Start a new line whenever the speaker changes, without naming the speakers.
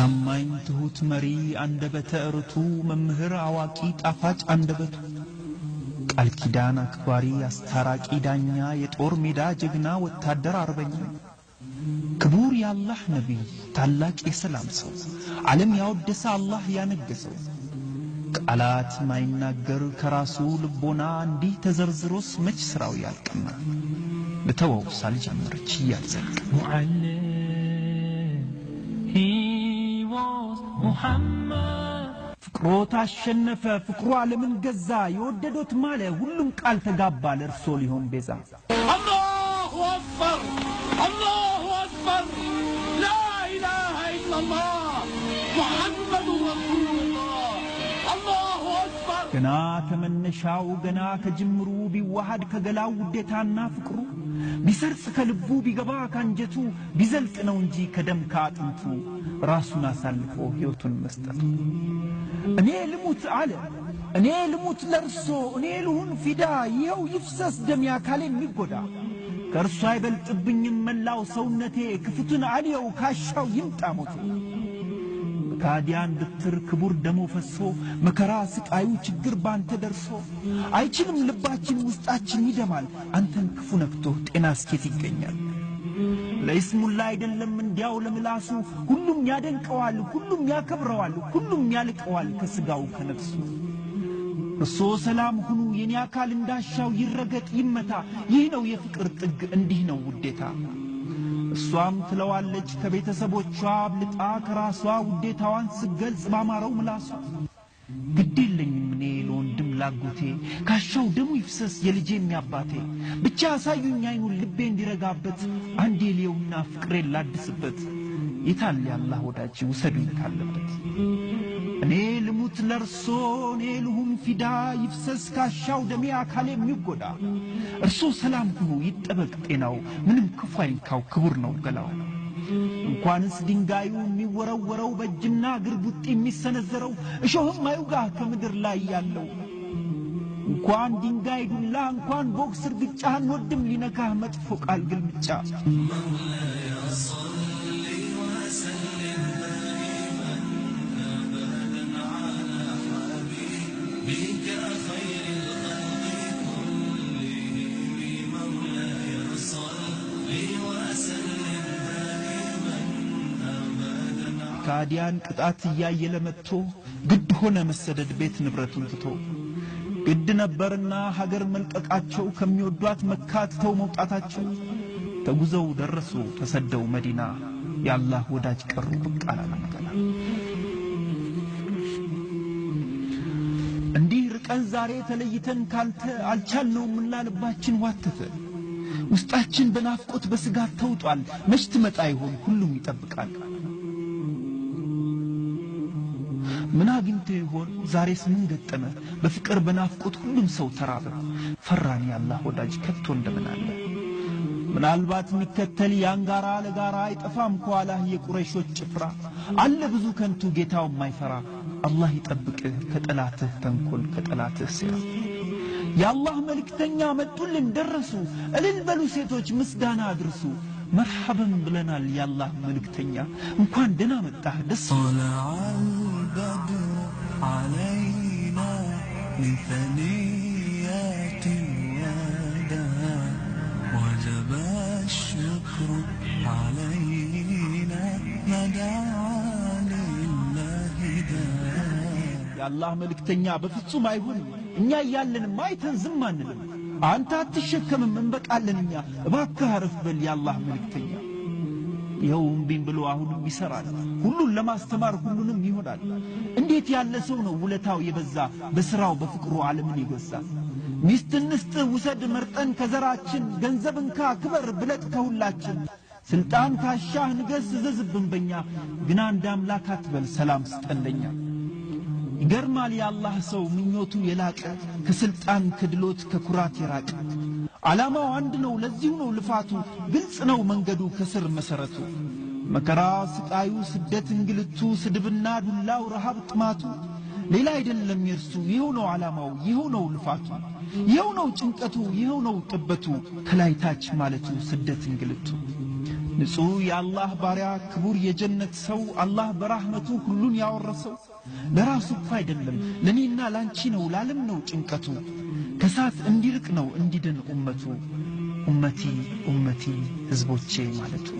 ታማኝ ትሁት መሪ አንደበተ ርቱ መምህር አዋቂ ጣፋጭ አንደበቱ ቃል ኪዳን አክባሪ አስታራቂ ዳኛ የጦር ሜዳ ጀግና ወታደር አርበኛ ክቡር የአላህ ነቢይ ታላቅ የሰላም ሰው ዓለም ያወደሰ አላህ ያነገሰው ቃላት ማይናገር ከራሱ ልቦና እንዲህ ተዘርዝሮስ መች ሥራው ያልቅና ልተወው ሳልጀምር ችያልዘልቅ
ሙሐመድ
ፍቅሮ ታሸነፈ፣ ፍቅሩ ዓለምን ገዛ። የወደዶት ማለ፣ ሁሉም ቃል ተጋባ። ለእርሶ ሊሆን ቤዛ
አላሁ አክበር አላሁ አክበር ላ ኢላሃ ኢላላህ ሙሐመዱ ረሱሉላህ
ገና ከመነሻው ገና ከጅምሩ ቢዋሃድ ከገላው ውዴታና ፍቅሩ ቢሰርጽ ከልቡ ቢገባ ካንጀቱ ቢዘልቅ ነው እንጂ ከደም ከአጥንቱ ራሱን አሳልፎ ሕይወቱን መስጠቱ። እኔ ልሙት አለ እኔ ልሙት ለርሶ እኔ ልሁን ፊዳ ይኸው ይፍሰስ ደሜ አካሌ የሚጎዳ ከእርሱ አይበልጥብኝም መላው ሰውነቴ ክፍቱን አልየው ካሻው ይምጣ ሞቴ ከአዲያን ብትር ክቡር ደሞ ፈሶ መከራ ስቃዩ ችግር ባንተ ደርሶ አይችልም ልባችን ውስጣችን ይደማል አንተን ክፉ ነክቶ ጤና ስኬት ይገኛል። ለይስሙላ አይደለም እንዲያው ለምላሱ ሁሉም ያደንቀዋል፣ ሁሉም ያከብረዋል፣ ሁሉም ያልቀዋል ከስጋው ከነፍሱ። እርሶ ሰላም ሁኑ የኔ አካል እንዳሻው ይረገጥ ይመታ። ይህ ነው የፍቅር ጥግ እንዲህ ነው ውዴታ። እሷም ትለዋለች ከቤተሰቦቿ አብልጣ ከራሷ ውዴታዋን ስገልጽ ባማረው ምላሷ ግዴለኝም እኔ ለወንድም ላጎቴ ካሻው ደሙ ይፍሰስ የልጄም ያባቴ ብቻ ያሳዩኝ አይኑን ልቤ እንዲረጋበት አንድ ልየውና ፍቅሬን ላድስበት። የታለ ያላህ ወዳጅ ውሰዱኝ ካለበት እኔ ልሙት ለርሶ እኔ ልሁን ፊዳ ይፍሰስ ካሻው ደሜ አካል የሚጎዳ እርሶ ሰላም ሁኑ ይጠበቅ ጤናው ምንም ክፉ አይንካው ክቡር ነው ገላው እንኳንስ ድንጋዩ የሚወረወረው በእጅና እግር ቡጢ የሚሰነዘረው እሾህም አይውጋ ከምድር ላይ ያለው እንኳን ድንጋይ ዱላ እንኳን ቦክስ እርግጫ አንወድም ሊነካህ መጥፎ ቃል ግልምጫ ከአዲያን ቅጣት እያየለ መጥቶ ግድ ሆነ መሰደድ ቤት ንብረቱን ትቶ ግድ ነበርና ሀገር መልቀቃቸው ከሚወዷት መካ ትተው መውጣታቸው ተጉዘው ደረሱ ተሰደው መዲና የአላህ ወዳጅ ቀሩ ብቃላ ያን ዛሬ ተለይተን ካልተ አልቻልነውምና ልባችን ዋተተ። ውስጣችን በናፍቆት በስጋት ተውጧል። መች ትመጣ ይሆን? ሁሉም ይጠብቃል። ምን አግኝቶ ይሆን? ዛሬስ ምን ገጠመ? በፍቅር በናፍቆት ሁሉም ሰው ተራበ። ፈራን ያላህ ወዳጅ ከቶ እንደምን አለ። ምናልባት የሚከተል ያንጋራ ለጋራ አይጠፋም ከኋላህ የቁረይሾች ጭፍራ አለ ብዙ ከንቱ ጌታው የማይፈራ الله يطبق كطلاته تنكل كطلاته سيرا يا الله ملك تنيا متول درسو الين بلو سيتوج مسدانا ادرسو مرحبا بلنا يا الله ملك تنيا انكون دنا متا دس طلع البدر علينا من ثنيات يدا وجب الشكر علينا مدانا የአላህ መልእክተኛ በፍጹም አይሆንም እኛ እያለንማ አይተን ዝም አንልም። አንተ አትሸከምም እንበቃለን እኛ። እባክህ አረፍ በል የአላህ መልእክተኛ። ይኸው እምቢም ብሎ አሁንም ይሠራል። ሁሉን ለማስተማር ሁሉንም ይሆናል። እንዴት ያለ ሰው ነው ውለታው የበዛ በሥራው በፍቅሩ ዓለምን ይገዛ ሚስት እንስጥ ውሰድ መርጠን ከዘራችን፣ ገንዘብ እንካ ክበር ብለጥ ከሁላችን ስልጣን ካሻህ ንገስ ዘዝብን በኛ፣ ግና እንደ አምላክ አትበል ሰላም ስጠለኛ ይገርማል የአላህ ሰው ምኞቱ የላቀ ከስልጣን ከድሎት ከኩራት የራቀ ዓላማው አንድ ነው ለዚሁ ነው ልፋቱ ግልጽ ነው መንገዱ ከስር መሠረቱ መከራ ስቃዩ ስደት እንግልቱ ስድብና ዱላው ረሃብ ጥማቱ ሌላ አይደለም የርሱ ይኸው ነው ዓላማው ይኸው ነው ልፋቱ ይኸው ነው ጭንቀቱ ይኸው ነው ጥበቱ ከላይ ታች ማለቱ ስደት እንግልቱ ንጹሕ የአላህ ባሪያ ክቡር የጀነት ሰው አላህ በራህመቱ ሁሉን ያወረሰው ለራሱ እኮ አይደለም ለኔና ላንቺ ነው፣ ላለም ነው ጭንቀቱ። ከሳት እንዲርቅ ነው እንዲድን ኡመቱ። ኡመቲ ኡመቲ ህዝቦቼ ማለቱ